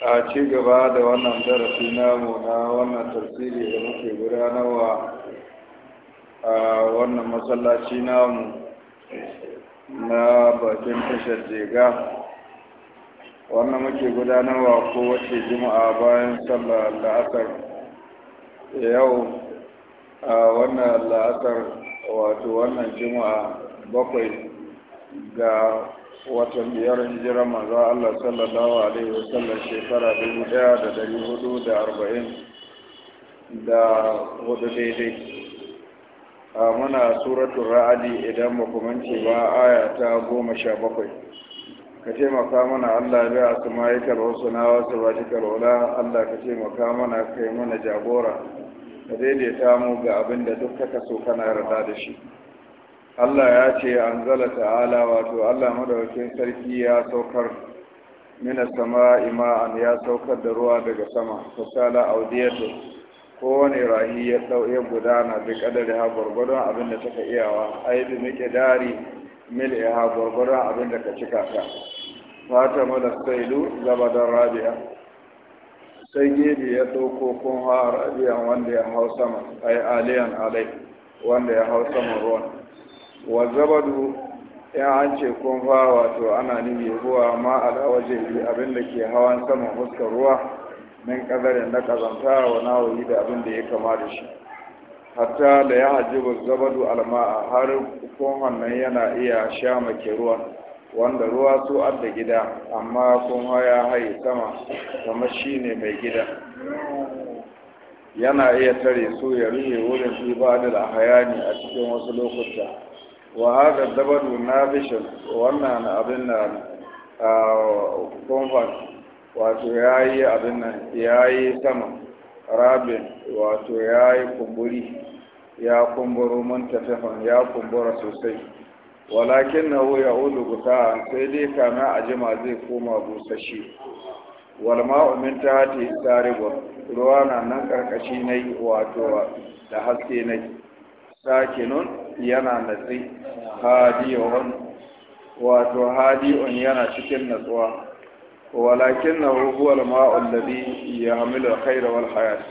a ci gaba da wannan darasi namu na wannan tafsiri da muke gudanarwa a wannan masallaci namu na bakin tashar jega wannan muke gudanarwa kowace juma'a bayan sallar la'asar yau a wannan la'asar wato wannan juma'a bakwai ga watan biyar hijira manzo Allah sallallahu alaihi wasallam shekara dubu ɗaya da dari hudu da arba'in da hudu daidai a muna suratun ra'adi idan ba kumance ba aya ta goma sha bakwai ka taimaka mana Allah bai a sumayikar wasu na wasu batikar wula Allah ka taimaka mana kai mana jagora ka daidaita mu ga abin da duk ka so kana yarda da shi Allah ya ce an zala ta'ala wato Allah madawacin sarki ya saukar mina sama ima'an ya saukar da ruwa daga sama fasala audiyatu kowane rahi ya ya gudana da kadari ha gwargwadon abin da taka iyawa ai bi muke dari mil ha gwargwadon abin da ka cika ka fata mala sailu don rabia sai gebe ya ɗauko kun ha rabia wanda ya hau sama ai aliyan alai wanda ya hau sama ruwan wa zabadu ya an ce fa wato ana nimi ruwa ma al'awaje bi abin da ke hawan saman huskar ruwa min kazarin na kazanta wa nawayi da abin da ya kama da shi hatta da ya hajjibu zabadu alma'a har kun nan yana iya sha make ruwa, wanda ruwa su adda gida amma kun ya haye sama kamar shi ne mai gida yana iya tare su ya rufe wurin ibadar hayani hayani a cikin wasu lokuta wa haka dabadu na bishin wannan abin da kumfan wato ya yi abin nan ya yi sama rabin wato ya yi kumburi ya kumburu mun tafafan ya kumbura sosai walakin na ya ulu guta sai dai kana a jima zai koma busashi walma umin ta hati tsarigon ruwa na nan karkashi na yi wato da haske na yi sakinun yana natsi hadiyun wato hadiyun yana cikin natsuwa walakin na huwal ma'ul ladhi ya al-khayra wal hayat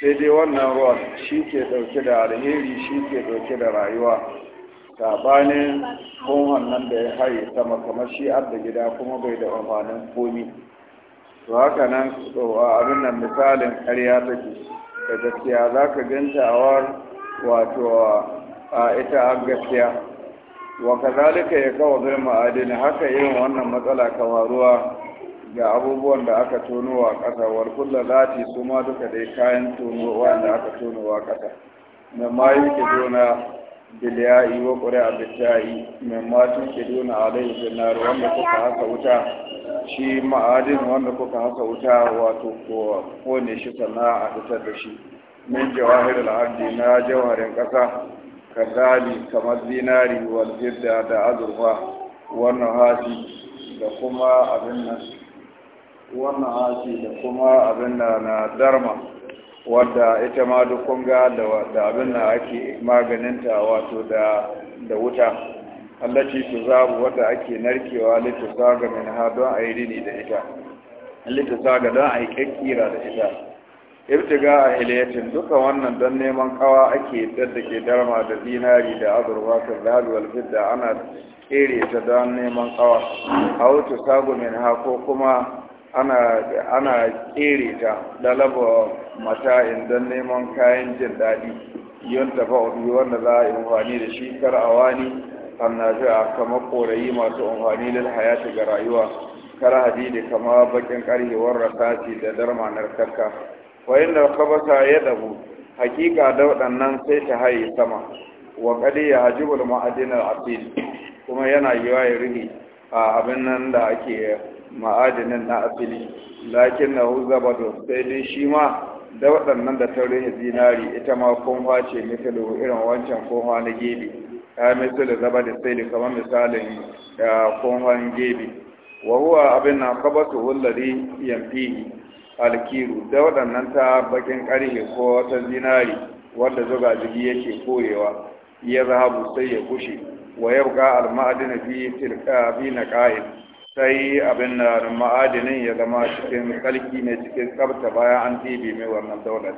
sai dai wannan ruwan shi ke dauke da alheri shi ke dauke da rayuwa sabanin kohon nan da ya haye sama kamar shi da gida kuma bai da amfanin komi to haka nan abin nan misalin ƙarya take da gaskiya za ka ganta a wato a ita har gaskiya wa kazalika ya kawo zulma adini haka irin wannan matsala ka faruwa ga abubuwan da aka wa ƙasa wal kullu lati su ma duka dai kayan tono wanda aka wa ƙasa na ma ke dona biliyayi wa ƙuri'a bittayi min ma ke dona alayhi dinar wanda kuka haka wuta shi ma'adin wanda kuka haka wuta wato ko kone shi sana'a a fitar da shi min jawahirul al'abdi na jawaharin ƙasa kazali kamar zinari wal da azurfa wannan hati da kuma abin nan wannan hati da kuma abin nan na darma wadda ita ma duk kunga da abin nan ake maganinta wato da da wuta allaci su zabu wadda ake narkewa littattaga min ha don a yi rini da ita littattaga don a yi kekkira da ita irtiga a hiliyatin duka wannan don neman kawa ake daddake ke darma da zinari da azurwa kan zaluwal fidda ana kere ta don neman kawa a wuce sagumin hako kuma ana kere ta dalaba mata'in don neman kayan jin daɗi yin tafa obi wanda za a yi amfani da shi kar a wani a kama korayi masu amfani da hayati ga rayuwa kar hadidi kama bakin karhewar rasati da darma narkarka wa inda kabasa ya dabu hakika da nan sai ta haye sama wa kadi ya hajibul ma'adinar asil kuma yana yiwa ya rufe a abin nan da ake ma'adinin na asili lakin na da sai dai shi ma da waɗannan da tarihi zinari ita ma kunfa ce misali irin wancan kunwa na gebe ya misali zaba da sai kamar misalin na gebe wa huwa abin na su hullari yamfihi alkiru da waɗannan ta bakin ƙarfe ko ta zinari wanda zuga jigi yake korewa ya zahabu sai ya kushe wa yabqa al-ma'adin fi tilka fi sai abin da ma'adinin ya zama cikin kalki ne cikin tsabta bayan an ɗebe mai wannan daular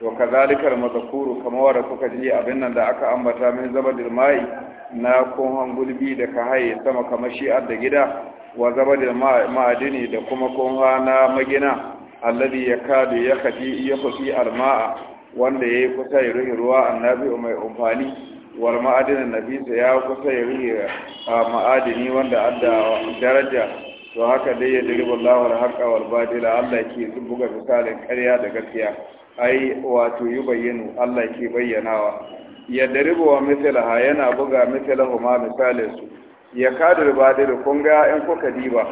to kazalikar mazakuru kamar da kuka ji abin nan da aka ambata min zabadil mai na kohon gulbi da ka haye sama kamar shi'ar da gida wa zabadil ma'adini da kuma kohon na magina alladhi yakadu yakhfi yakhfi alma'a wanda yayi kusa ya rufe ruwa annabi mai umfani wal ma'adin nafisa ya kusa ya ruhi ma'adini wanda adda daraja to haka dai ya diribu Allah al-haqqa wal batila Allah ke buga misalin ƙarya da gaskiya ai wato yi bayyanu Allah ke bayyanawa ya daribu wa misalaha yana buga misalahu ma misalin su ya kadir dai kun ga in kuka diba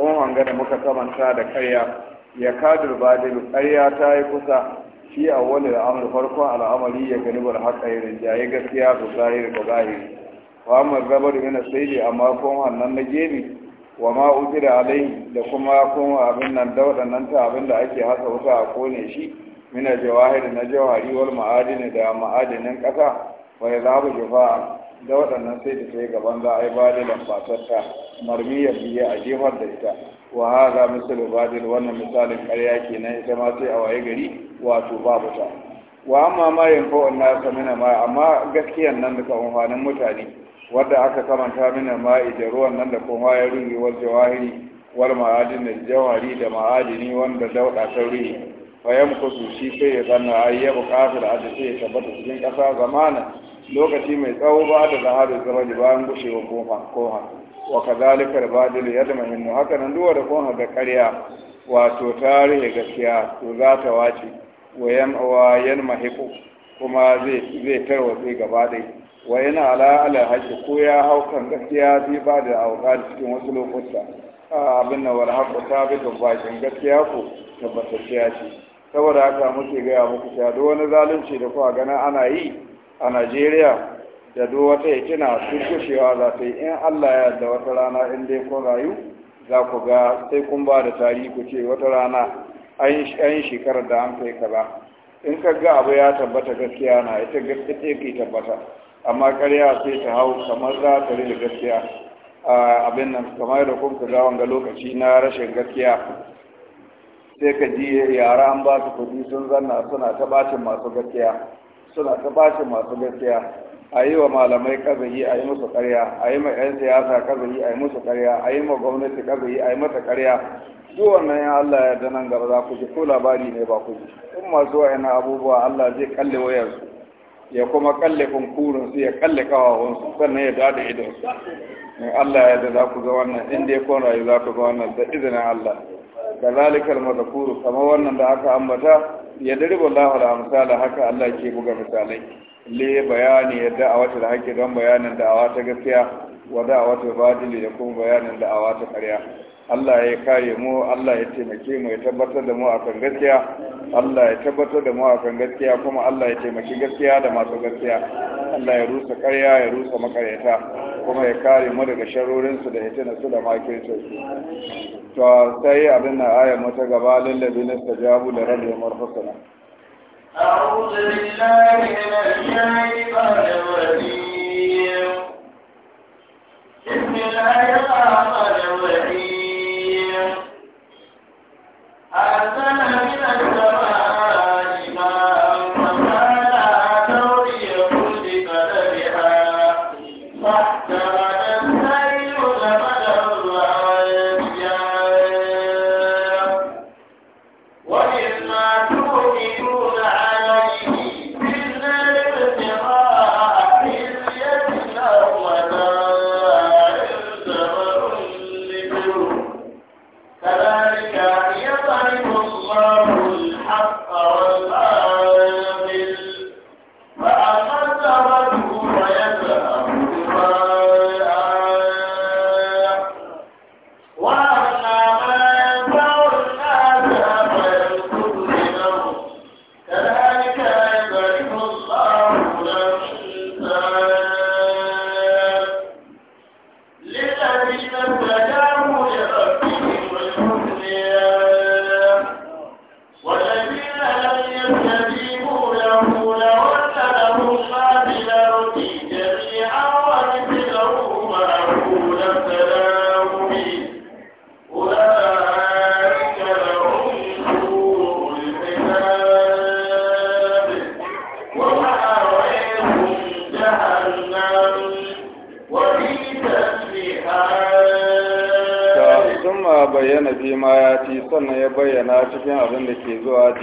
kuma hanga da muka kamanta da karya ya kadir badilu ƙarya ta yi kusa shi a wani al'amur farkon al'amari ya gani bar haka ya gaskiya su zahiri ga zahiri wa amur gabar yana sai da amma kun hannun na gemi wa ma da alai da kuma kun abin nan da waɗannan ta abin da ake hasa wuta a kone shi mina jawahir na jawahari wal ma'adini da ma'adinin ƙasa wa ya zaɓa da waɗannan sai da ta yi gaban za a yi badilan fatarta marmiyar biya a jefar da ita wa haza misalu badil wannan misalin ƙarya kenan ita ma sai a waye gari wato babu ta wa amma ma yin fa'on na ma amma gaskiyan nan da kamfanin mutane wadda aka kamanta mina ma da ruwan nan da kuma ya rungi wa jawahiri wal ma'adin da jawari da ma'adini wanda dauɗa ta ruhi fa yamkusu shi sai ya zanna ayyaba kafir a da sai ya tabbata cikin ƙasa zamanin lokaci mai tsawo ba da zama zamani bayan gushewar koha wa kazalika da yadmahin haka nan duwa da koha ga ƙarya wato tarihi gaskiya to za ta wace wa yamwa mahiku kuma zai zai tarwatse gaba dai wa yana ala ala haƙi ko ya hau kan gaskiya zai ba da auƙa cikin wasu lokuta abin nan wal haƙu ta bi bakin gaskiya ko tabbatacciya ce saboda haka muke gaya muku cewa duk wani zalunci da kuka gana ana yi a najeriya da duk wata yakina su kushewa za ta yi in allah ya da wata rana in dai kun rayu za ku ga sai kun ba da tarihi ku ce wata rana an yi shekarar da an kai kaza in ka ga abu ya tabbata gaskiya na ita gaskiya ke tabbata amma karya sai ta hau kamar za ta rage gaskiya abin nan kamar da kun ga wanga lokaci na rashin gaskiya sai ka ji yara an ba su kudi sun zanna suna ta bacin masu gaskiya suna ta bashi masu gaskiya a yi wa malamai kazayi a yi musu karya a yi ma 'yan siyasa kazayi a yi musu karya a yi ma gwamnati kazayi a yi mata karya duk wannan ya Allah ya nan gaba za ku ji ko labari ne ba ku ji in masu wa'ina abubuwa Allah zai kalle wayarsu ya kuma kalle kunkurin su ya kalle kawawon su sannan ya dada idon su Allah ya da za ku ga wannan inda dai kon rayu za ku ga wannan da izinin Allah da zalikar kamar wannan da aka ambata ya dariba Allah da misali haka Allah ke buga misalai le bayani a wata da hake don bayanin da'awa ta gaskiya wa da'awa ta badili da kuma bayanin da'awa ta karya. Allah ya kare mu Allah ya taimake mu ya tabbatar da mu akan gaskiya Allah ya tabbatar da mu akan gaskiya kuma Allah ya taimaki gaskiya da masu gaskiya Allah ya rusa ƙarya ya rusa makareta kuma ya kare mu daga sharorin su da hitina su da makircin su to sai abin na ayar mata gaba lallabi na stajabu da rabbihim arhusana أعوذ بالله من الشيطان الرجيم بسم الله الرحمن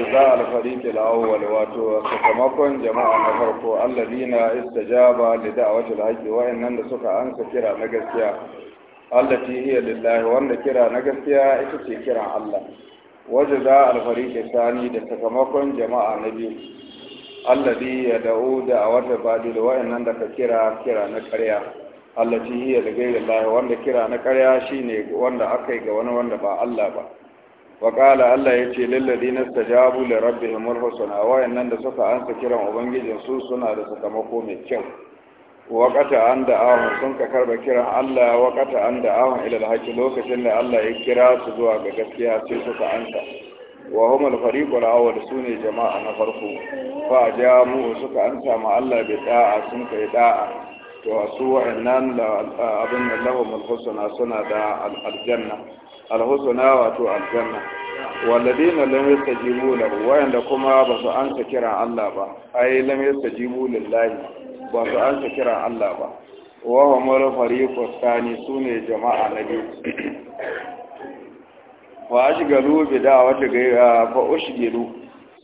za a alfari ke wato sakamakon jama'a na farko allazi na istajaba da da'awati al-haqi wa'annan da suka ansa kira na gaskiya allati hiya lillahi wanda kira na gaskiya ita ce kira Allah waje za a alfari ke tani da sakamakon jama'a na biyu allazi ya da'u da'awati badil wa'annan da ka kira kira na ƙarya allati hiya lillahi wanda kira na ƙarya shine wanda akai ga wani wanda ba Allah ba wa qala Allah yace lil ladina stajabu li rabbihim husna wayannan da suka ansa kiran ubangijin su suna da sakamako mai kyau waƙata an da'ahun sun ka karba kiran Allah waƙata an da'ahun ilal haƙi lokacin da Allah ya kira su zuwa ga gaskiya sai suka ansa wa humul fariqul awwal sune jama'a na farko fa jamu suka ansa ma Allah bi da'a sun kai da'a to su wa'annan la abin lahum al suna da aljanna alhusna wato aljanna walladina lam yastajibu lahu wayanda kuma ba su an ta kira Allah ba ay lam yastajibu lillahi ba su an ta kira Allah ba wa huwa mara fariqu thani sune jama'a na biyu wa ashgalu bi da'wati ghayra fa ushgilu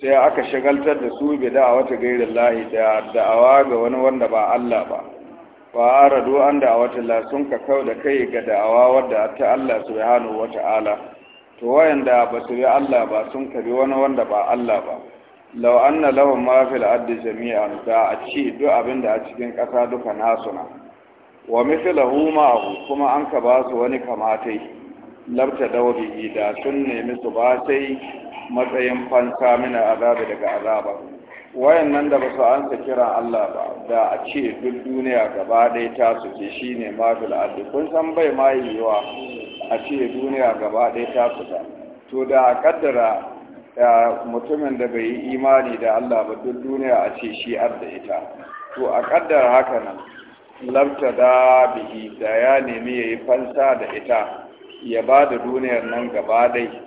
sai aka shagaltar da su bi da'wati ghayra lillahi da da'awa ga wani wanda ba Allah ba fara an da a wata sun ka kau da kai ga da'awa wadda ta Allah subhanahu wa ta'ala to wayanda ba su bi Allah ba sun ka bi wani wanda ba Allah ba law anna lahum ma fil ardi jami'an da a ci duk abin da a cikin ƙasa duka nasu na wa mithluhu ma'ahu kuma an ka ba su wani kamatai labta dawbi da sun nemi su ba matsayin fansa mina azabi daga azaba Wayan nan da ba su ansa kiran Allah ba da a ce duk duniya gaba ɗaya ta suke shi ne mafil ardi kun san bai ma yiwuwa a ce duniya gaba ɗaya ta su ta to da a kaddara mutumin da bai yi imani da Allah ba duk duniya a ce shi ar da ita to a kaddara haka nan labta da bihi da ya nemi ya yi fansa da ita ya ba da duniyar nan gaba ɗai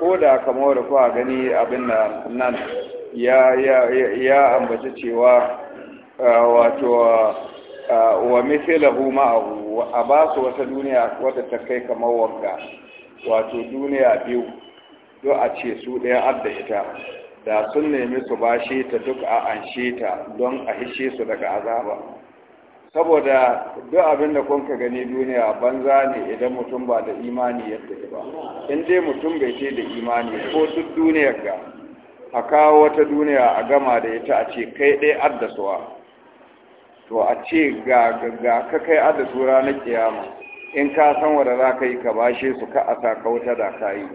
ko da kamar da a gani abin nan ya ya ambaci cewa wato wa mithlahu ma'ahu a ba su wata duniya wadda ta kai kamar wanga wato duniya biyu do a ce su ɗaya adda ita da sun nemi su shi ta duk a anshe ta don a hishe su daga azaba saboda duk abinda da kun ka gani duniya banza ne idan mutum ba da imani yadda ba in dai mutum bai ce da imani ko duk duniyar ga a kawo wata duniya a gama da ita a ce kai ɗaya addasuwa to a ce ga ga ka kai addasu ranar kiyama in ka san wadda za ka yi ka bashe su ka a sakauta da ka yi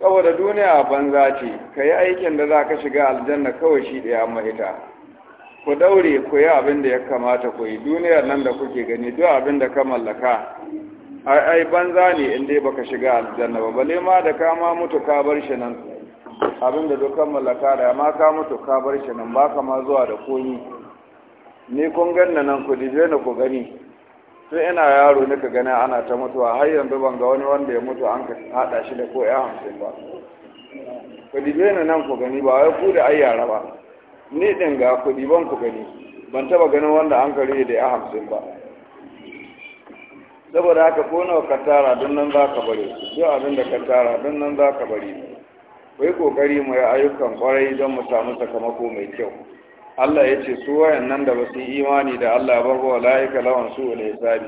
saboda duniya a banza ce ka yi aikin da za ka shiga aljanna kawai shi ɗaya mahita ku daure ku yi abin da ya kamata ku yi duniyar nan da kuke gani duk abin da ka mallaka ai banza ne in dai baka shiga aljanna ba bale da ka ma mutu ka bar shi nan abin da dukkan mallaka da ma ka mutu ka bar shi nan ba ka ma zuwa da komi ni kun ganna nan ku dije na ku gani sai ina yaro ka gani ana ta mutuwa har yanzu ban ga wani wanda ya mutu an ka hada shi da ko ya hamsin ba ku dije na nan ku gani ba wai ku da ai yara ba ni din ga ku diban ku gani ban taba ganin wanda an kare da ya hamsin ba saboda haka ko nawa ka tara don nan za ka bare su abin da ka tara don nan za ka bare wai kokari ƙoƙari mu yi ayyukan kwarai don mu samu sakamako mai kyau Allah ya ce su wayannan da ba imani da Allah ba ko la'ika lawan su da hisabi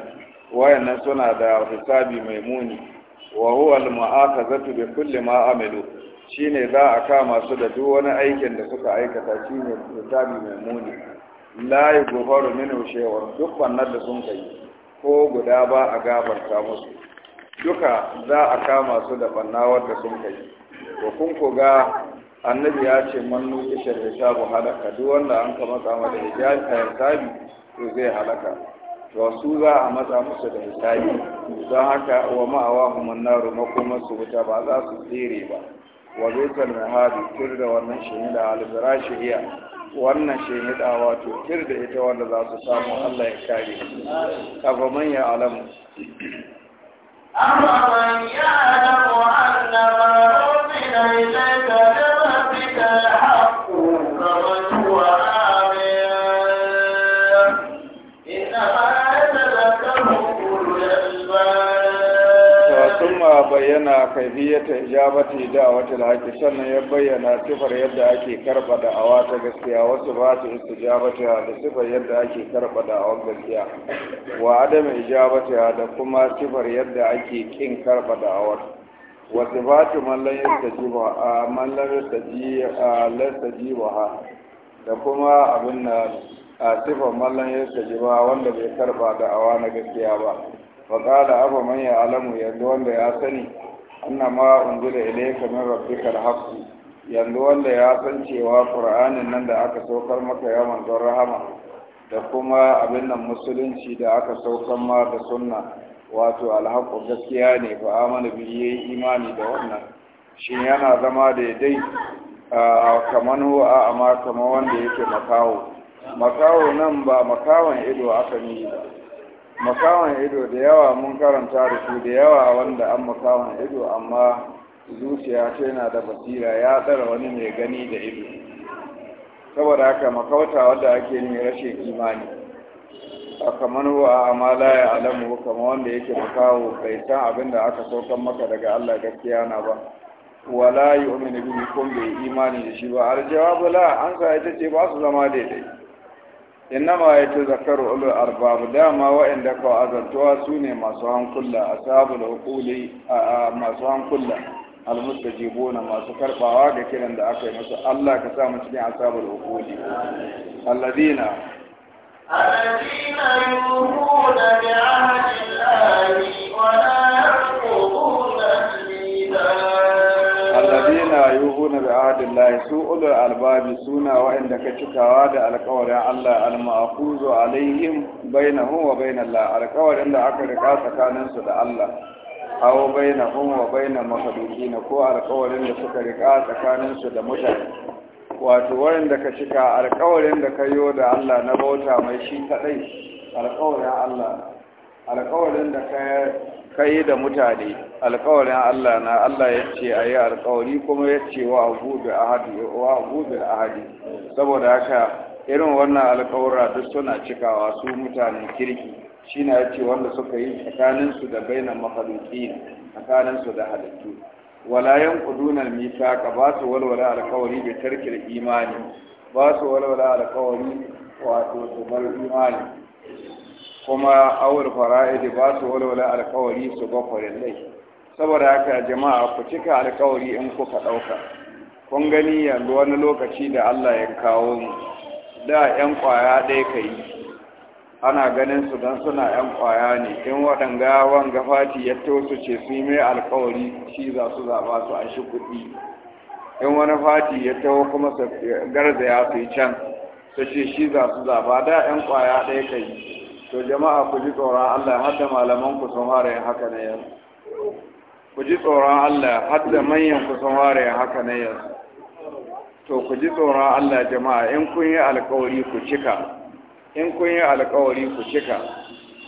wayannan suna da hisabi mai muni wa huwa al-mu'akhazatu bi kulli ma amilu shine za a kama su da duk wani aikin da suka aikata shine hisabi mai muni la yughfaru minhu shay'un duk wannan da sun kai ko guda ba a gafarta musu duka za a kama su da bannawar da sun kai to kun ko ga annabi ya ce man da sharhisha bu halaka duk wanda an ka matsa mata hijabi to zai halaka to su za a matsa musu da hijabi don haka wa ma'awa human naru makomar su wuta ba za su tsere ba wa zaitar mihadi tur da wannan shahida alzira shahiya wannan shahida wato tur da ita wanda za su samu allah ya kare kafa manya alamu أَمَّنْ يَعْلَمُ أَنَّ مَا أُنْزِلَ إِلَيْكَ مِنْ رَبِّكَ الْحَقُّ bayyana kaifiyata ijabati da wata haƙi sannan ya bayyana sifar yadda ake karɓa da'awa ta gaskiya wasu ba su istijabati da sifar yadda ake karɓa awa gaskiya wa adam ijabati da kuma sifar yadda ake ƙin karɓa da'awar wa sifatu mallan lam yastajiba man lam yastajiba ha da kuma abin na sifar yadda ji ba wanda bai karɓa da'awa na gaskiya ba faƙala abu man ya alamu yanzu wanda ya sani anna ma unzila ilayka min rabbikal haqq yanzu wanda ya san cewa qur'anin nan da aka saukar maka ya manzon rahama da kuma abin nan musulunci da aka saukar ma da sunna wato alhaqqu gaskiya ne fa amana bi yayi imani da wannan shi yana zama daidai kaman huwa amma kamar wanda yake makawo makawo nan ba makawon ido aka yi ba makawan ido da yawa mun karanta da su da yawa wanda an makawan ido amma zuciya ce na da basira ya tsara wani mai gani da ido saboda haka makauta wanda ake ne rashin imani a kamar wa amma la ya alamu kamar wanda yake makawo bai san abin da aka saukan maka daga Allah gaskiya na ba wala yu'minu biyu kun bai imani da shi ba al jawabu la an sa ita ce ba su zama daidai إنما يتذكر أولو الأرباب داما وإن دكوا أذنتوا سوني ما سوهم كل أساب العقول آه، آه، ما سوهم كل المستجيبون ما سكر فواقع كلن دعاكي مسوى الله كسام سني أساب العقول الذين يؤمنون بعهد الله ولا يحفظون الميزان mufuna bi ahadillahi su ulul albabi suna wa'anda ka cikawa da alƙawarin Allah al-ma'quzu alaihim bainahum wa bainallah alƙawarin da aka rika tsakanin su da Allah aw bainahum wa bainal makhluqin ko alƙawarin da suka rika tsakanin su da mutane wato wa'anda ka cika alƙawarin da ka yi da Allah na bauta mai shi kadai alƙawarin Allah alƙawarin da ka yi da mutane alƙawarin Allah na Allah ya ce a yi alƙawari kuma ya ce wa abubuwa ahadi wa abubuwa ahadi saboda haka irin wannan alkawara duk suna cikawa su mutane kirki shi na ya ce wanda suka yi tsakaninsu da bainan mahaluki tsakaninsu da halittu walayen kudunan ka ba su walwala alƙawari da tarkir imani ba su walwala alƙawari wato su bar imani kuma awul fara'idi ba su wala alƙawari su ga farillai saboda haka jama'a ku cika alƙawari in kuka ɗauka kun gani yanzu wani lokaci da Allah ya kawo mu da 'yan ƙwaya ɗaya ka yi ana ganin su don suna 'yan ƙwaya ne in waɗanga wanga fati ya tosu ce su yi mai alƙawari shi za su zaɓa su an shi kuɗi in wani fati ya taho kuma su garzaya su yi can su ce shi za su zaɓa da 'yan ƙwaya ɗaya ka yi to jama'a ku ji tsoron Allah hadda malaman ku sun ware haka ne yanzu ku ji tsoron Allah hadda manyan ku sun ware haka ne yanzu to ku ji tsoron Allah jama'a in kun yi alkawari ku cika in kun yi alkawari ku cika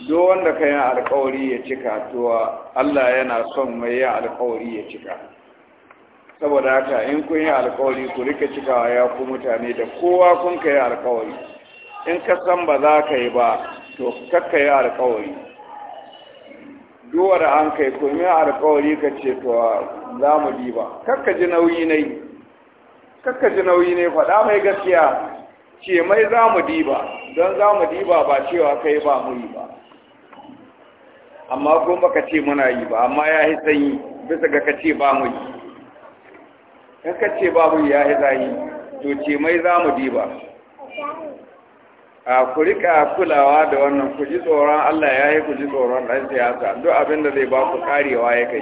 duk wanda ka yi alkawari ya cika to Allah yana son mai yi alkawari ya cika saboda haka in kun yi alkawari ku rika cikawa ya ku mutane da kowa kun ka yi alkawari in ka san ba za ka yi ba to kakka yi alkawari duwar an kai komi alkawari ka ce to za mu diba kakka ji nauyi ne kakka ji nauyi ne faɗa mai gaskiya ce mai za mu diba don za mu diba ba cewa kai ba mu yi ba amma ko baka ce muna yi ba amma ya yi sanyi bisa ga ka ce ba mu yi kakka ce ba mu yi ya yi zahi to ce mai za mu diba a ku rika kulawa da wannan ku ji tsoron Allah ya yi ku ji tsoron ɗan siyasa duk abin da zai ba ku karewa ya kai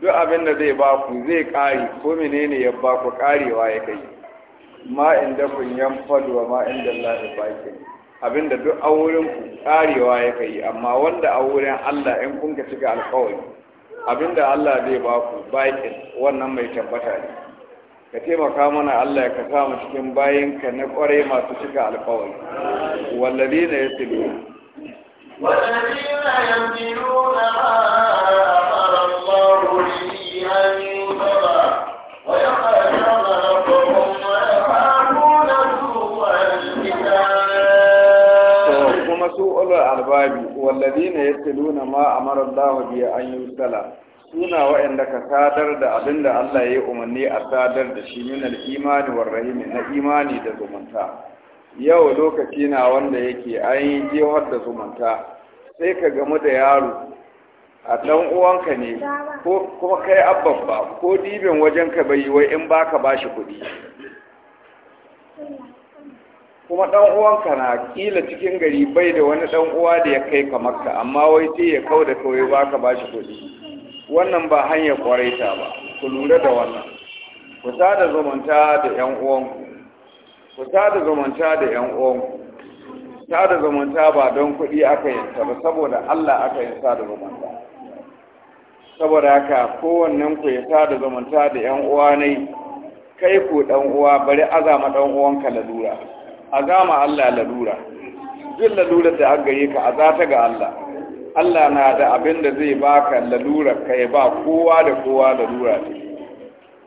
duk abin da zai ba ku zai kare ko menene ya ba ku karewa ya kai ma inda kun yan faduwa ma inda lafi ya baki abin da duk a wurin ku karewa ya kai amma wanda a wurin Allah in kun ka cika alƙawari abin da Allah zai ba ku bakin wannan mai tabbata ne ka taimaka mana Allah ka sa mu cikin bayinka na kware masu cika alkawari wallabi na ya tilu wallabi na ya tilu na kuma su ulul albabi wallabi na ya tilu na ma amara Allah biya an yi sala suna waɗanda ka sadar da abin da Allah ya yi umarni a sadar da shi min al-imani war rahimi na imani da zumunta yau lokaci na wanda yake an yi da zumunta sai ka gamu da yaro a ɗan uwanka ne ko kuma kai abban ba ko dibin wajen ka bai wai in baka bashi kuɗi kuma ɗan uwanka na kila cikin gari bai da wani ɗan uwa da ya kai ka makka amma wai sai ya kau da kawai baka bashi kuɗi wannan ba hanyar kwaraita ba ku lura da wannan ku sada zumunta da yan uwanku ku sada zumunta da yan uwanku sada zumunta ba don kuɗi aka yin ta ba saboda Allah aka yin sada zumunta saboda haka kowannen ku ya sada zumunta da yan uwa ne kai ku dan uwa bari azama dan uwanka lalura azama Allah lalura duk lalurar da aka gare ka azata ga Allah Allah na da abin da zai baka lalura kai ba kowa da kowa lalura ce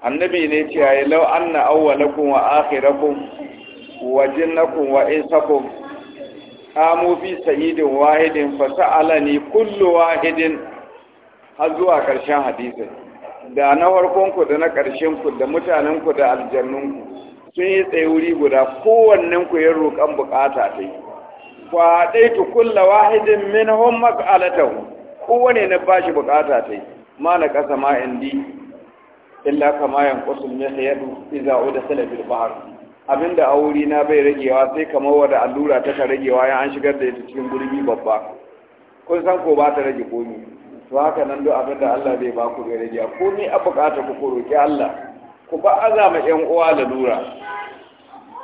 annabi ne ce yayi law anna awwalakum wa akhirakum wa jinnakum wa insakum qamu fi sayyidin wahidin fa sa'alani kullu wahidin har zuwa karshen da na farkon ku da na karshen ku da mutanen ku da aljannun ku sun yi tsaye guda kowannen ku ya roƙan bukata ta yi wa daitu kulla wahidin minhum mas'alatahu kowane na bashi bukata tai ma na kasa ma indi illa kama yanqusul mihyadu idza sala bil bahr abinda auri na bai ragewa sai kamar wanda allura ta ragewa ya an shigar da ita cikin gurbi babba kun san ko ba ta rage komi to haka nan duk abinda Allah zai ba ku bai rage komi a bukata ku ko roki Allah ku ba azama yan uwa lalura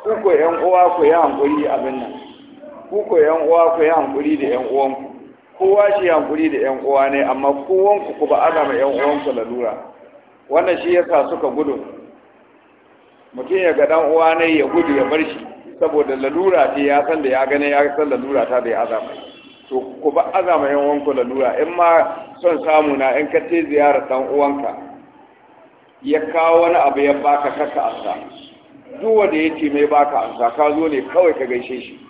ku ko yan uwa ku yi hankuri abin nan ku ko yan uwa ku yi hankuri da yan uwanku kowa shi hankuri da yan uwa ne amma kowanku ku ba ma yan uwanku lalura wannan shi yasa suka gudu mutum ya ga dan uwa ne ya gudu ya bar shi saboda lalura ce ya san da ya gane ya san lalura ta da ya azama to ku ba azama yan uwanku lalura in ma son samu na in ka ce ziyarar dan uwanka ya kawo wani abu ya baka kaka ansa duk wanda ya ce mai baka ansa ka zo ne kawai ka gaishe shi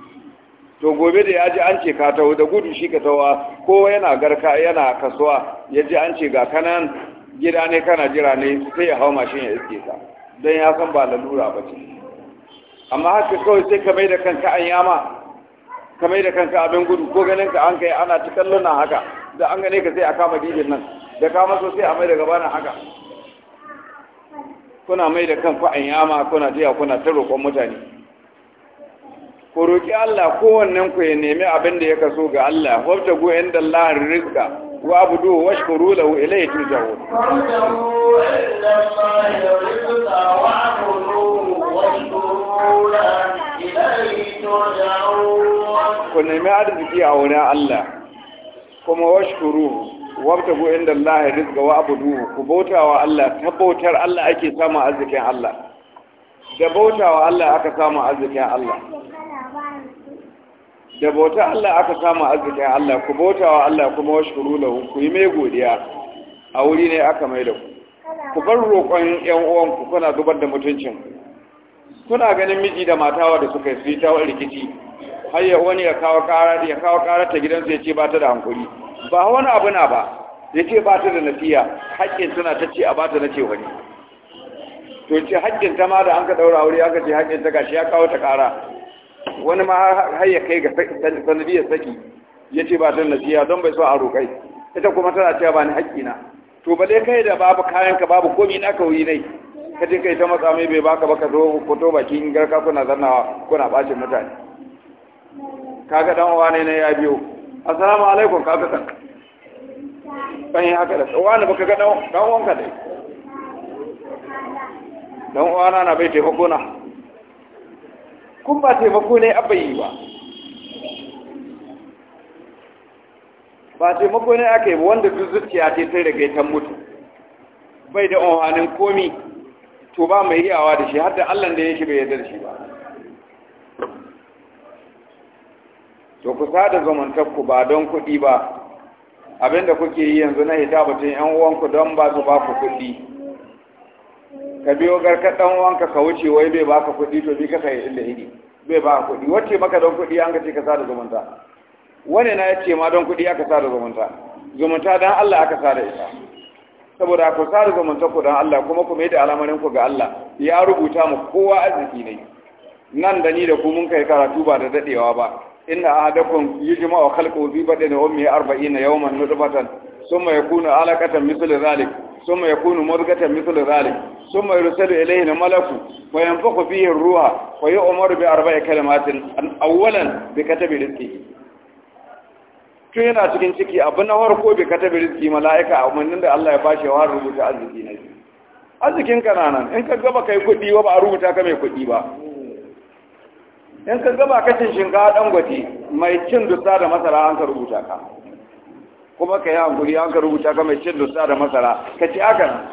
to gobe da ya ji an ce ka taho da gudu shi ka tawa kowa yana garka yana kasuwa ya ji an ce ga kanan gida ne kana jira ne sai ya hau mashin ya iske ka don ya san ba lalura ba ce amma haka kawai sai ka mai da kanka an yama ka mai da kanka abin gudu ko ganin ka an kai ana ta kallon nan haka da an gane ka sai a kama didin nan da kama so sai a mai da gaba nan haka kuna mai da kanku an yama kuna jiya kuna ta roƙon mutane ku roki Allah kowannen ku ya nemi abin da ya kaso ga Allah wabta go inda Allah rizqa wa abudu washkuru lahu ilayhi turja'un ku nemi arziki a wurin Allah kuma washkuru wabta go inda Allah rizqa wa abudu ku bautawa Allah tabautar Allah ake samu arzikin Allah da bautawa Allah aka samu arzikin Allah da bauta Allah aka samu a Allah ku bautawa Allah kuma washkuru da ku yi mai godiya a wuri ne aka mai da ku ku bar roƙon ƴan uwanku kuna zubar da mutuncin kuna ganin miji da matawa da suka yi ta rikici har ya wani ya kawo ƙara ya kawo ƙara ta gidansu ya ce ba ta da hankuri ba wani abu na ba ya ce ba ta da nasiya haƙƙin suna ta ce a ba ta na ce wani to ce haƙƙin ta ma da an ka ɗaura wuri aka ce haƙƙin ta gashi ya kawo ta ƙara wani ma har ya kai ga sanadiyar saki ya ce ba don nasiya don bai so a roƙai ita kuma tana cewa ba ni haƙƙina to ba dai kai da babu kayanka babu komi na wuyi nai ka je kai ta matsa mai bai baka baka zo fito bakin garka kuna zannawa kuna bacin mutane kaga dan uwa ne na ya biyo assalamu alaikum kaga kan ban yi haka da uwa ne baka ga dan ka dai dan uwa na na bai taimako na kun ba taimako ne yi ba ba taimako ne aka yi ba wanda duk zuciya ce ta daga ta mutu bai da ohanin komi to ba mai iyawa da shi har da allah da yake bai yadda da shi ba to ku sada zamantakku ba don kuɗi ba abinda kuke yi yanzu na hita batun yan uwanku don ba su ba ku kuɗi ka biyo garka dan wanka ka wuce wai bai baka kuɗi to bi ka yi inda hidi bai baka kuɗi wacce maka don kuɗi an ka ce ka sada zumunta wani na yace ma don kuɗi aka sada zumunta zumunta dan Allah aka sada ita saboda ku sada zumunta ku dan Allah kuma ku mai da alamarin ku ga Allah ya rubuta mu kowa arziki ne nan da ni da ku mun kai karatu ba da dadewa ba inna ahadakum yujma'u khalqu fi badani ummi 40 yawman nutfatan thumma yakunu 'alaqatan mithlu dhalik ثم يكون مرغة مثل ذلك ثم يرسل إليه الملك وينفخ فيه الروح ويؤمر بأربع كلمات أولا بكتب رزقه tun yana cikin ciki abu na farko bai kata rizki mala'ika a da Allah ya bashi wa rubuta arziki na kananan in ka gaba kai kuɗi wa ba a rubuta ka mai kuɗi ba in ka gaba kashin shinkawa dangote mai cin dusa da masara an ka rubuta ka kuma ka yi hankuri an ka rubuta ka mai cin dusa da masara ka ci aka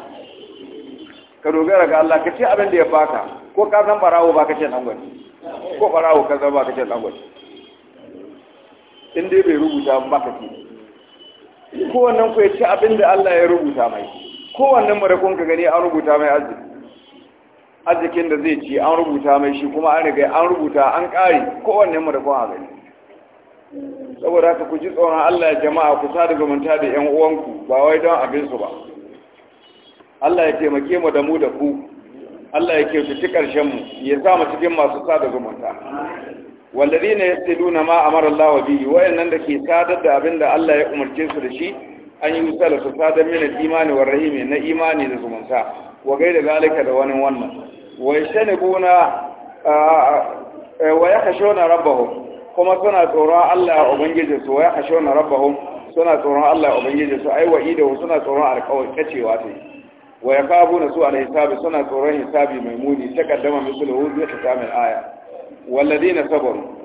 ka dogara ga Allah ka ci abin da ya baka ko ka san barawo ba ka ce dangote ko barawo ka san ba ka ce dangote in dai bai rubuta ba ka ci kowannan ku ya ci abin da Allah ya rubuta mai kowannan marakon ka gani an rubuta mai arziki arzikin da zai ci an rubuta mai shi kuma an riga an rubuta an kare kowanne mu da kowa gani saboda haka ku ji tsoron Allah ya jama'a ku sa da zumunta da ƴan uwanku ba wai don abin su ba Allah ya taimake mu da mu da ku Allah ya kyautaci karshen mu ya sa mu cikin masu sa da zumunta wallazina yasiduna ma amara Allah bihi wayannan da ke sadar da abin da Allah ya umarce su da shi an yi musala su sadar mina imani wa rahimi na imani da zumunta wa gaida zalika da wani wannan wai shani buna wa ya kashe na rabbahum kuma suna tsoron Allah ya ubangiji su wa ya kashe na rabbahum suna tsoron Allah ya ubangiji su ai wa idahu suna tsoron alƙawar kacewa ta wa ya kafu na su alhisabi suna tsoron hisabi mai muni ta kaddama misalu zai ta samun aya na walladina na tsoron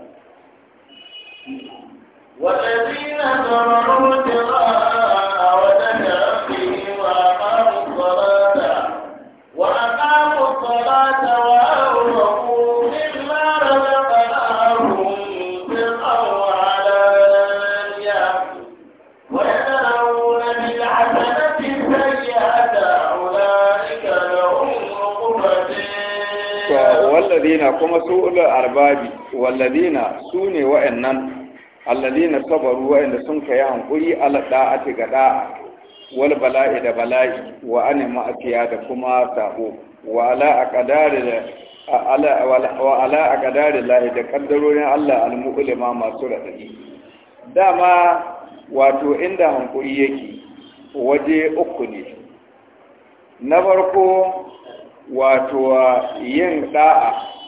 صبروا ba. alladina kuma su ulul albabi walladina su ne wa'annan alladina sabaru wa'anda sun kai hankuri ala da'ati ga da'a wal bala'i da bala'i wa an ma'afiya da kuma sabo wa ala aqdari wa ala aqdari lahi da kaddarorin Allah al-mu'lima masu radadi dama wato inda hankuri yake waje uku ne na farko wato yin da'a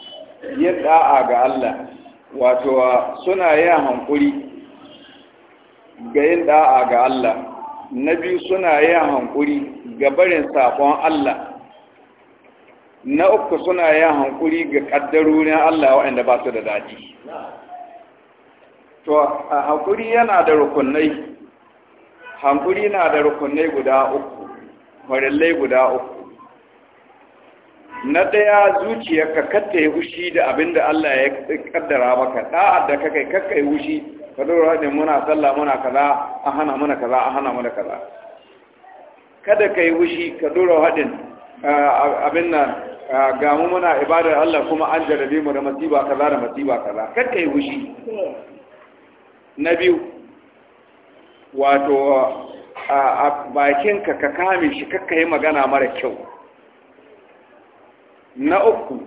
yin da'a ga Allah wato suna yin hankuri ga yin da'a ga Allah na biyu suna yin hankuri ga barin saƙon Allah na uku suna yin hankuri ga ƙaddarorin Allah waɗanda ba su da daji. to a hankuri yana da rukunai hankuri na da rukunai guda uku marillai guda uku na ɗaya zuciyarka katta yi hushi da abin da Allah ya kaddara maka ɗa'ar da ka kai kakka yi hushi ka dora ne muna sallah muna kaza a hana muna kaza a hana muna kaza kada ka yi hushi ka dora haɗin abin nan gamu muna ibadar Allah kuma an jarabe mu da masiba kaza da masiba kaza kakka yi hushi na biyu wato a bakinka ka kame shi kakka yi magana mara kyau na uku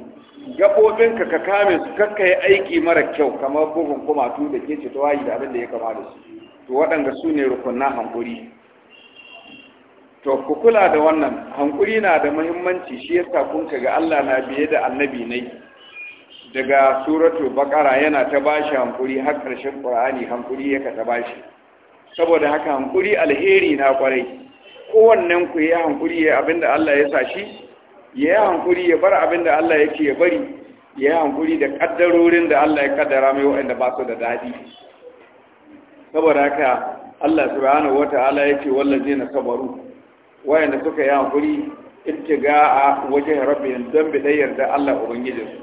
gaɓoɓinka ka kame su kakka yi aiki mara kyau kamar bugun kumatu da ke ce tawayi da abin da ya kama da su to waɗanda su ne rukunna hankuri to ku kula da wannan hankuri na da muhimmanci shi ya sa kun ga Allah na biye da annabi ne daga suratu bakara yana ta bashi hankuri har ƙarshen qur'ani hankuri yake ta bashi saboda haka hankuri alheri na kwarai kowannen ku yi hankuri ya abinda Allah ya sa shi ya yi hankuri ya bar abin da Allah ya ya bari ya yi hankuri da kaddarorin da Allah ya kaddara mai waɗanda ba su da daɗi saboda haka Allah subhanahu wata'ala ya ce wallaje na sabaru waɗanda suka yi hankuri ga a wajen rabbihim don bi ɗayar da Allah ubangijinsu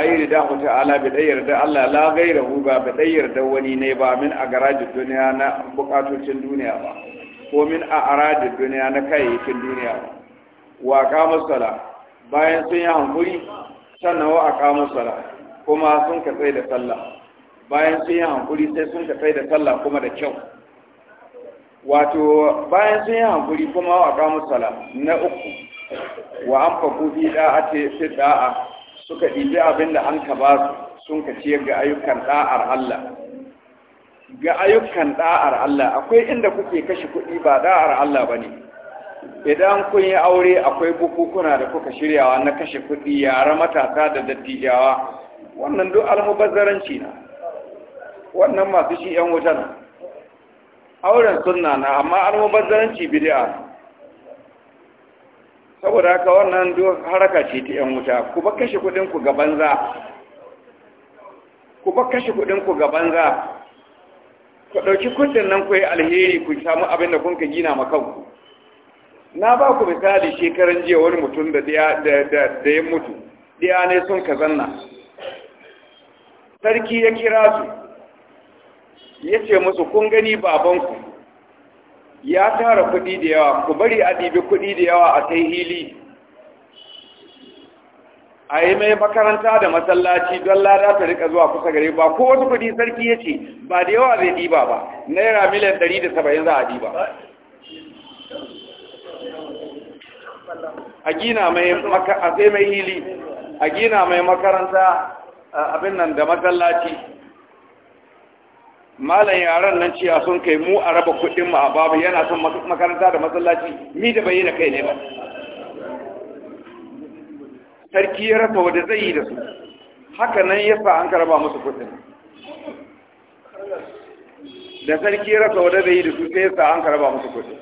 ayi da ku ta'ala bi ɗayar da Allah la gairahu ba bi ɗayar da wani ne ba min a garajin duniya na bukatocin duniya ba ko min a aradin duniya na kayayyakin duniya wa kama sala bayan sun yi hankuri sannan wa kama sala kuma sun ka tsaye da sallah bayan sun yi hankuri sai sun ka tsaye da sallah kuma da kyau wato bayan sun yi hankuri kuma wa kama sala na uku wa an faku fi da'a ce sai da'a suka ɗibi abin da an ka ba su sun ka ciyar ga ayyukan da'ar Allah ga ayyukan da'ar Allah akwai inda kuke kashe kuɗi ba da'ar Allah ba ne idan kun yi aure akwai bukukuna da kuka shiryawa na kashe kuɗi yara matasa da dattijawa wannan duk almubazzaranci na wannan masu shi yan wuta auren sunna na amma almubazzaranci bidi'a. saboda haka wannan duk haraka ce ta yan wuta ku ba kashe kuɗin ku ga banza ku ba kashe kuɗin ku ga ku ɗauki kuɗin nan ku yi alheri ku samu abin da kun ka gina ma kanku na ba ku misali shekaran jiya wani mutum da ya mutu ɗaya ne sun ka zanna sarki ya kira su ya ce musu kun gani babanku ya tara kuɗi da yawa ku bari a ɗibi kuɗi da yawa a kai hili a yi mai makaranta da masallaci don lada ta rika zuwa kusa gare ba ko wasu kuɗi sarki ya ce ba da yawa zai ɗiba ba naira miliyan 170 za a ɗiba a gina mai maka a sai mai hili a gina mai makaranta abin nan da masallaci malam yaran nan ciya sun kai mu a raba kuɗin mu a babu yana son makaranta da masallaci ni da da kai ne ba sarki ya rasa wadda zai yi da su haka nan ya fa an karaba musu kudin da sarki ya rasa wadda zai yi da su sai ya sa an karaba musu kudin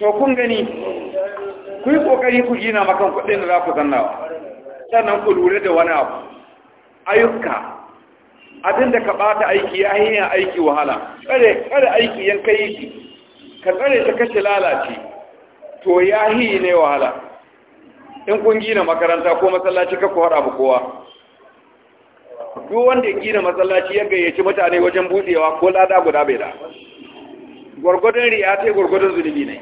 to kun gani ku yi ƙoƙari ku gina makan kuɗin da za ku zannawa sannan ku lura da wani abu ayyuka abin da ka ɓata aiki ya hanyar aiki wahala kare aiki yan kai shi ka tsare ta kashe lalace to ya hiyi ne wahala in kun gina makaranta ko masallaci ka ku abu kowa duk wanda ya gina masallaci ya gayyaci mutane wajen budewa ko lada guda bai da gwargwadon riya ta gwargwadon zunubi ne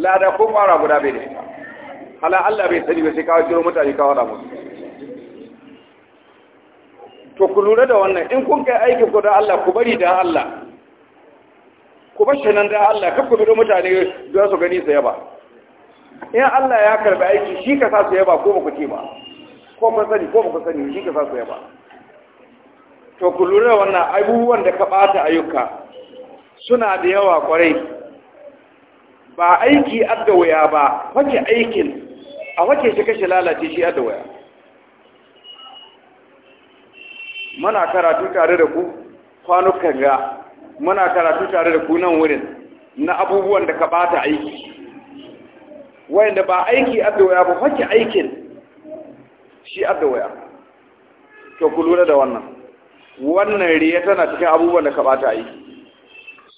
lada ko kwara guda bai da shi hala Allah bai sani ba sai kawo kiro mutane kawo da musu to ku lura da wannan in kun kai aikin ku da Allah ku bari da Allah ku bar nan da Allah kar ku bido mutane don su gani su yaba in Allah ya karbi aiki shi ka sa su yaba ko ba ku ce ba ko kun sani ko ba ku sani shi ka sa su yaba to ku lura da wannan abubuwan da ka bata ayyuka suna da yawa kwarai ba aiki adda waya ba wace aikin a wace shi kashe lalace shi adda waya muna karatu tare da ku kwanukan ga muna karatu tare da ku nan wurin na abubuwan da ka bata aiki wayanda ba aiki adda waya ba wace aikin shi adda waya to ku lura da wannan wannan riya tana cikin abubuwan da ka bata aiki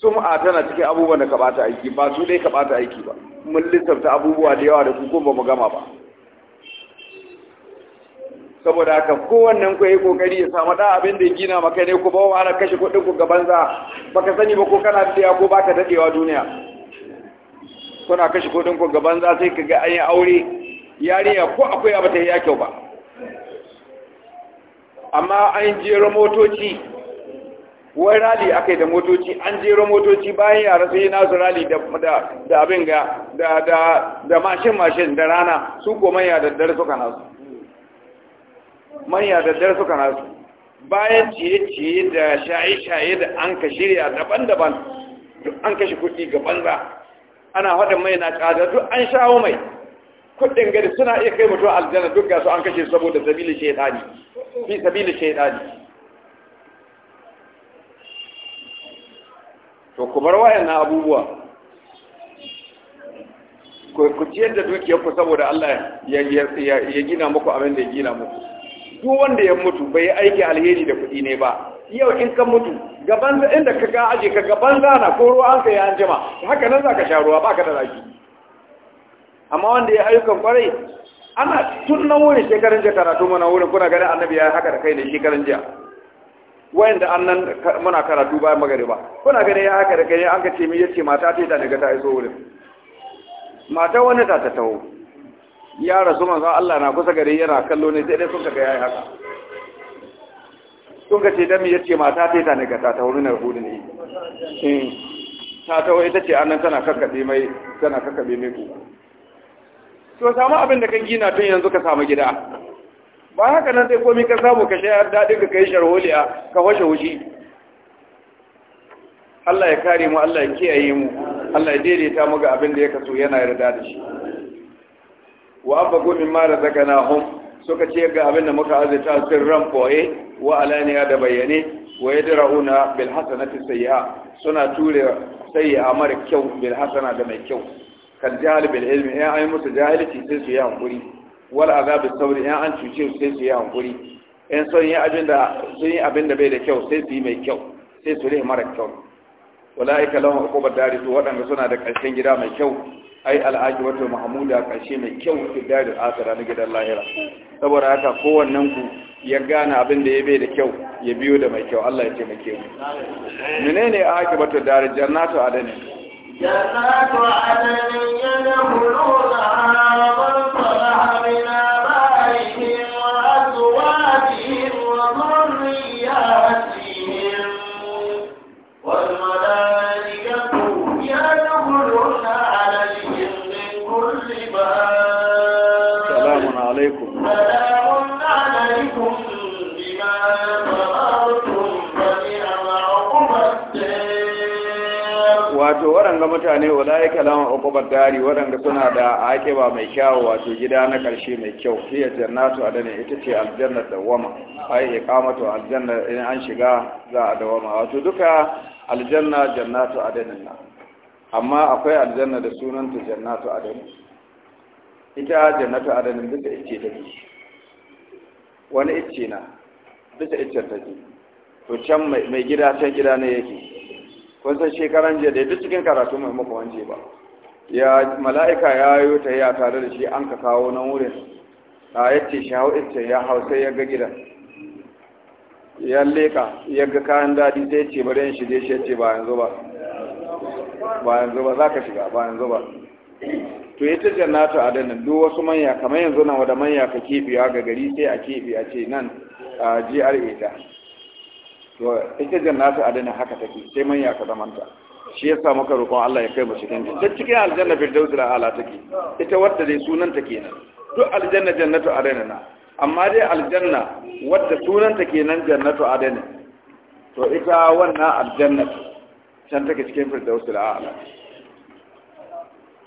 sum'a tana cikin abubuwan da ka bata aiki ba su dai ka bata aiki ba mun lissafta abubuwa da yawa da ku ko ba mu gama ba saboda haka kowannen ku yi kokari ya samu da abin da ya gina maka ne ku ba wa ana kashe kuɗin ku gaban za baka sani ba ko kana dadewa ko baka dadewa duniya kuna kashe kuɗin ku gaban za sai ka ga an yi aure yarinya ko akwai abu ta yi ya kyau ba amma an jero motoci wai rali yi da motoci an jero motoci bayan yara sai nasu rali da abin ga da mashin-mashin da rana su ko manya da dare suka nasu manya da dare suka nasu bayan ciye-ciye da shaye-shaye da an ka shirya daban-daban an kashe kuɗi ga banza ana haɗin mai na ƙada duk an shawo mai kuɗin gari suna iya kai mutuwa aljanna duk gasu an kashe saboda sabili shaidani fi sabili shaidani to ku bar na abubuwa ku ciyar da dukiyarku saboda Allah ya gina muku abin da ya gina muku duk wanda ya mutu bai aiki alheri da kuɗi ne ba yau in ka mutu gaban inda ka ga aje ka gaban zana ko ruwa an kai an jima haka nan zaka sha ruwa baka da zaki amma wanda ya ayyukan kwarai ana tun na shekarun jiya karatu mana wurin kuna ganin annabi ya haka da kai ne shekarun jiya wayanda annan muna karatu bayan magariba kuna gane ya haka da gani an ka ce mi yace mata ta ta daga ta iso wurin mata wani ta ta taho ya rasu manzo Allah na kusa gare yana kallo ne sai dai sun ga yayi haka kun ka ce dan mi yace mata ta ta daga ta taho ne hudu ne eh ta taho ita ce annan tana kakkabe mai tana kakkabe mai ku to samu abin da kan gina tun yanzu ka samu gida ba haka nan sai komai ka samu ka shayar daɗin ka kai sharholiya ka washe wuce Allah ya kare mu Allah ya kiyaye mu Allah ya daidaita mu ga abin da ya kaso yana yarda da shi wa abba gomin mara zakana hum suka ce ga abin da muka azita sirran boye wa alaniya da bayyane wa yadrauna bil hasanati suna ture a mara kyau bil hasana da mai kyau kan jahil bil ilmi ya ayi musu jahilci sai su yi hankuri wal azabu sauri in an cuce su sai su yi hankuri in sun yi abin da sun yi abin da bai da kyau sai su yi mai kyau sai su rihi mara kyau Wala lahum uqubat dari su waɗanda suna da ƙarshen gida mai kyau ai al'aji wato mahmuda ƙarshe mai kyau fi dari akhira na gidan lahira saboda haka kowannen ku ya gane abin da ya bai da kyau ya biyo da mai kyau Allah ya taimake mu menene akibatu dari jannatu adani jannatu adani yadkhuluna wa man wato waɗanda mutane wala ya kalama ukubar dari waɗanda suna da ba mai kyawu wato gida na ƙarshe mai kyau fiye jannatu adana ita ce aljannar dawama ai iqamatu aljanna in an shiga za a dawama wato duka aljanna jannatu adana na amma akwai aljanna da sunanta jannatu adana ita jannatu adanin duka ice take wani ice na duka ice take to can mai gida can gida ne yake kun san shekaran jiya da duk cikin karatu mai muku wanje ba ya mala'ika ya yi ta ya tare da shi an ka kawo nan wurin a yace shi hau ita ya hau sai ya ga gidan ya leka ya ga kayan daɗi sai ya ce bari in shige shi ya ce ba yanzu ba ba yanzu ba za ka shiga ba yanzu ba to ita jannatu adanin duk wasu manya kamar yanzu nan wada manya ka kefe ga gari sai a kefe a ce nan a GRA ta to ita jannatu adana haka take sai manya ka zamanta shi yasa muka roƙon Allah ya kai mu cikin ta cikin aljanna da ala take ita wadda dai sunanta kenan duk aljanna jannatu adana na amma dai aljanna wadda sunanta kenan jannatu adana to ita wannan aljanna can take cikin da ala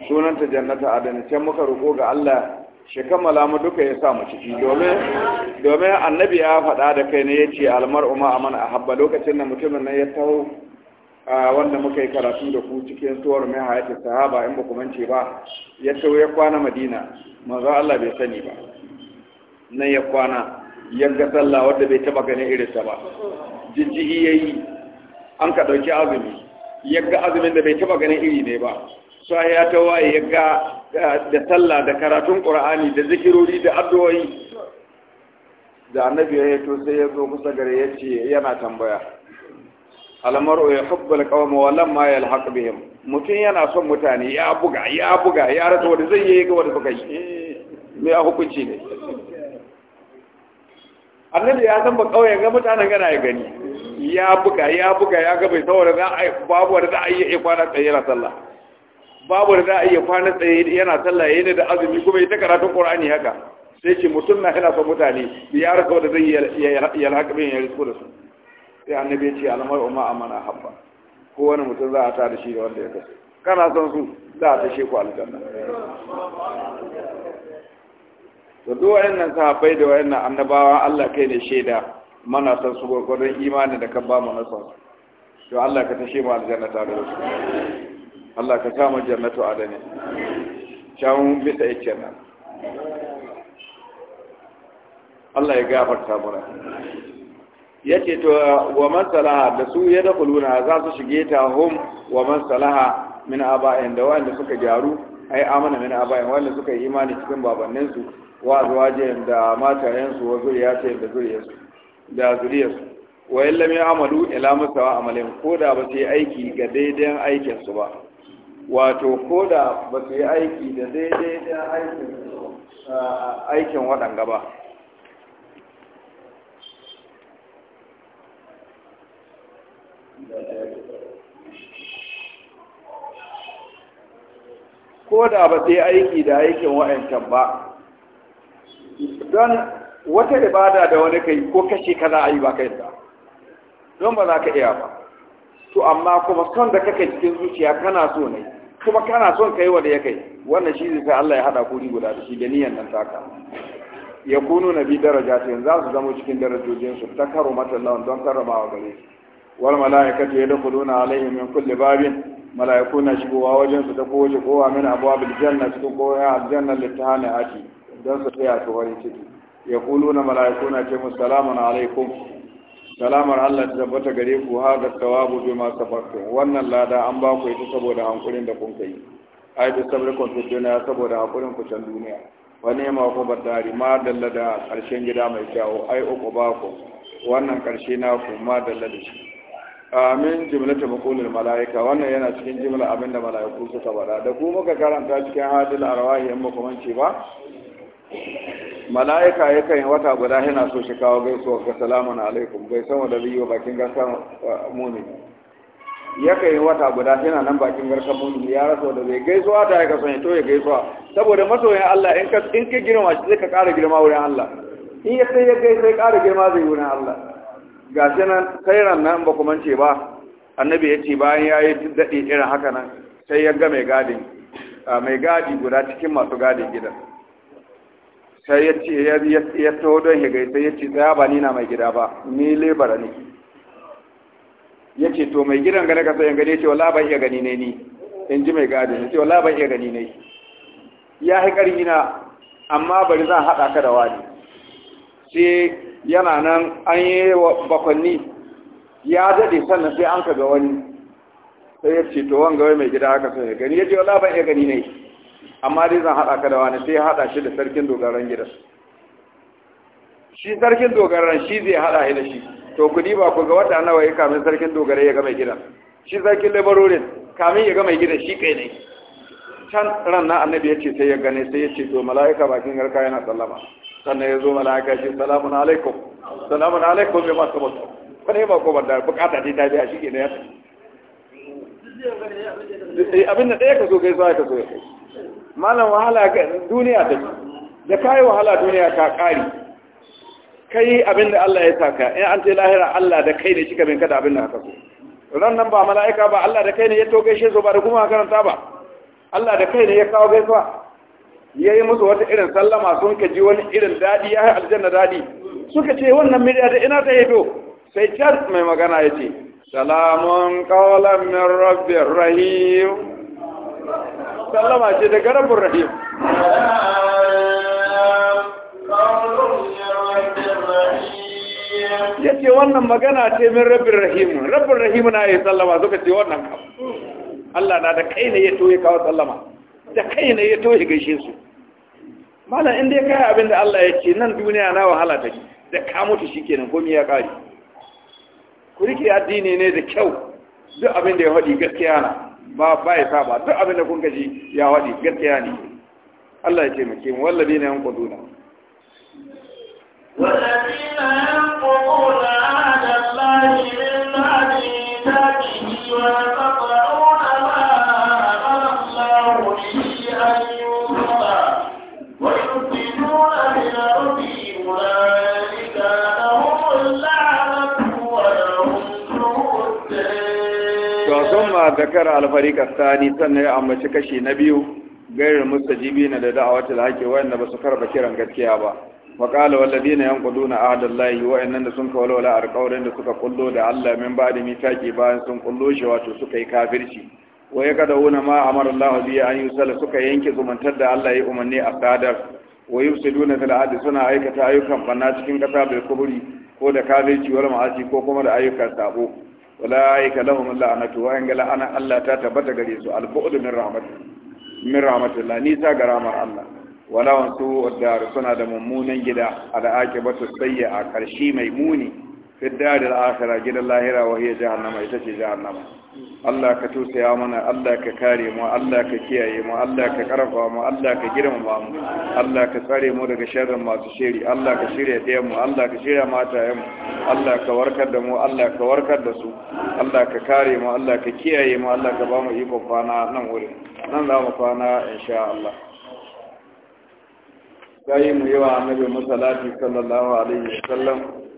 sunanta jannatu adana can muka roƙo ga Allah shi kammala mu duka ya sa mu ciki domin domin annabi ya faɗa da kai ne ya ce almar'u ma aman ahabba lokacin da mutumin nan ya taho wanda muka yi karatu da ku cikin suwar mai hayati sahaba in baku mance ba ya taho ya kwana madina manzo Allah bai sani ba nan ya kwana yanga sallah wanda bai taba ganin irin ta ba jijjihi yayi an ka dauki azumi yanga azumin da bai taba ganin iri ne ba sai ya ya ga. da sallah da karatun qur'ani da zikirori da addu'o'i da annabi ya yi to sai ya zo kusa gare ya ce yana tambaya almaru ya hubbal qawma wa lamma yalhaq bihim mutum yana son mutane ya buga ya buga ya rasa wanda zai yi ga wanda baka yi me a hukunci ne annabi ya san ba kauye ga mutanen gana ya gani ya buga ya buga ya ga bai saboda za a babu wanda za a yi kwana tsaye sallah babu da za a iya kwana tsaye yana sallah yana da azumi kuma ita karatun qur'ani haka sai ce mutum na yana son mutane bi ya raka wanda zai ya bin ya riko da su sai annabi ya ce al'amar umma amana habba ko wani mutum za a ta da shi da wanda ya kasu kana son su za a sheku ku aljanna to duk wayannan sahabbai da wayannan annabawa Allah kai ne shaida mana san su gurgurdan imani da ka ba mu na son to Allah ka tashe mu aljanna tare da su Allah ka samu jannatu adani can bisa yake nan Allah ya gafarta Ya ce to wa man salaha da su ya kuluna za su shige ta hum wa man salaha min aba'in da wanda suka gyaru ai amana min aba'in wanda suka yi imani cikin babanninsu wa azwajin da matayensu wa zuriyatayen da zuriyarsu da zuriyarsu wa illam amalu ila musawa amalin ko da ba su yi aiki ga daidai aikinsu ba wato ko da ba su yi aiki da daidai da aikin waɗanga ba ko da ba su yi aiki da aikin waɗancan ba don wata ibada da wani kai ko kashe kana ayi ba kai da don ba za ka iya ba to amma kuma son da kake cikin zuciya kana so ne kuma kana son kai wanda ya kai wannan shi zai Allah ya hada kuri guda da shi da niyyar nan taka ya kunu na daraja ta yanzu su zama cikin darajojin su ta karo mata lawan don karramawa gare su wal mala'ikatu yadkhuluna alaihim min kulli babin mala'iku na shigowa wajen su ta kowace kowa min abwabil janna cikin kowa aljanna litani ati don su tsaya su wani ciki ya kuluna na mala'iku na ce musalamun alaikum salamar Allah ta tabbata gare ku tawabu bi ma sabartum wannan lada an ba ku ita saboda hankulin da kun kai ai da sabrikum fi dunya saboda hankulin ku can duniya wa ma ku badari ma dalla da karshen gida mai kyau ai uku ba ku wannan karshe na ku ma dalla da shi amin jimlata maqulul malaika wannan yana cikin jimla abinda malaiku suka bada da ku muka karanta cikin hadil arwahi amma kuma ce ba mala'ika yakan yi wata guda yana so shi kawo gaisuwa ga salamu alaikum bai san wanda zai yi bakin uh, muni Ya kan yi wata guda yana nan bakin garsa muni ya rasa wanda zai gaisuwa ta yaka son ya to ya gaisuwa saboda masoyin Allah in ka in ka girma shi zai ka ƙara girma wurin Allah in ya sai ya kai sai ƙara girma zai yi wurin Allah ga shi nan sai ran nan ba kuma ce ba annabi ya ce bayan ya yi daɗe irin haka nan sai ya ga mai gadi uh, mai gadi guda cikin masu gadin gidan sai ya ce ya taho don ya gaisa ya ce tsaya ba ni na mai gida ba ni lebara ne ya ce to mai gidan gane kasa yanga ne ya ce wala ban iya gani ne ni in ji mai gadi ya ce wala ban iya gani ne ya yi ƙarfi na amma bari zan haɗa ka da wani sai yana nan an yi bakwanni ya daɗe sannan sai an ka ga wani sai ya ce to wanga wai mai gida haka sai ya gani ya ce wala ban iya gani ne amma dai zan haɗa ka da wani sai haɗa shi da sarkin dogaran gidan shi sarkin dogaran shi zai haɗa shi da shi to ku ba ku ga wata nawa ya kamin sarkin dogare ya ga mai gidan shi sarkin labarorin kamin ya ga mai gidan shi kai ne can ran na annabi ya ce sai ya gane sai ya ce to mala'ika bakin garka yana sallama sannan ya zo mala'ika shi salamun alaikum salamun alaikum bai masu mutu wani ba ko banda bukata ta biya shi ne ya tafi Eh, abin da ɗaya ka so gaisuwa ka so ya kai malam wahala duniya ta ce da kayi wahala duniya ka ƙari kai abin da Allah ya saka in an ce lahira Allah da kai ne shi kamin kada abin da haka so ran nan ba mala'ika ba Allah da kai ne ya toge shi so ba da kuma karanta ba Allah da kai ne ya kawo gaisuwa ya yi musu wata irin sallama sun ka ji wani irin daɗi ya yi aljanna daɗi suka ce wannan miliyar da ina ta yi to sai can mai magana ya ce salamun قولا من رب rahim sallama ce daga rabbir rahim ya ce wannan magana ce min rabbin Rahim. rabbin Rahim na yi sallama suka ce wannan kam Allah na da kai ne ya toye kawo sallama da kai ne ya toye gaishe su malam inda ya kai abinda Allah ya ce nan duniya na wahala ta da ka mutu shi kenan komi ya kari ku rike addini ne da kyau duk abin da ya faɗi gaskiya na ba ba ya saba duk abin da kun gaji ya faɗi gaskiya ne Allah ya taimake mu wallabi ne yan yan kuduna والذين ينقضون عهد الله من بعد ميثاقه ويقطعون summa zakara al-fariqa sani sannan ya ambaci kashi na biyu gairar jibi na da da'awatul haqi wanda ba su karba kiran gaskiya ba wa qala yan yanquduna ahdallahi wa innan da sun kawalwala alqawrin da suka kullo da Allah min ba'di mitaqi bayan sun kullo shi wato suka yi kafirci wa yakaduna ma amara Allah bi an yusalla suka yanke zumuntar da Allah ya umarni a sadar wa yufsiduna fil ardi suna aikata ayyukan bana cikin kasa bil kubri ko da kafirci wal ma'asi ko kuma da ayyukan sabo ulaika lahum la'natu wa in la'ana Allah ta tabbata gare su al-bu'd min rahmatin min rahmatillah ni ta ga rahmar Allah wala wasu wadda suna da mummunan gida al-aqibatu sayyi'a karshi mai muni fi daril akhira gidan lahira wa hiya jahannama ita ce jahannama Allah ka ya mana Allah ka kare mu Allah ka kiyaye mu Allah ka karfa mu Allah ka girmama mu Allah ka tsare mu daga sharrin masu shiri Allah ka shirya ɗaya mu Allah ka shirya mata yamu Allah ka warkar da mu Allah ka warkar da su Allah ka kare mu Allah ka kiyaye mu Allah ka ba mu ikon kwana nan wurin nan za mu kwana insha Allah sai mu yi wa annabi musallati sallallahu alaihi wa sallam.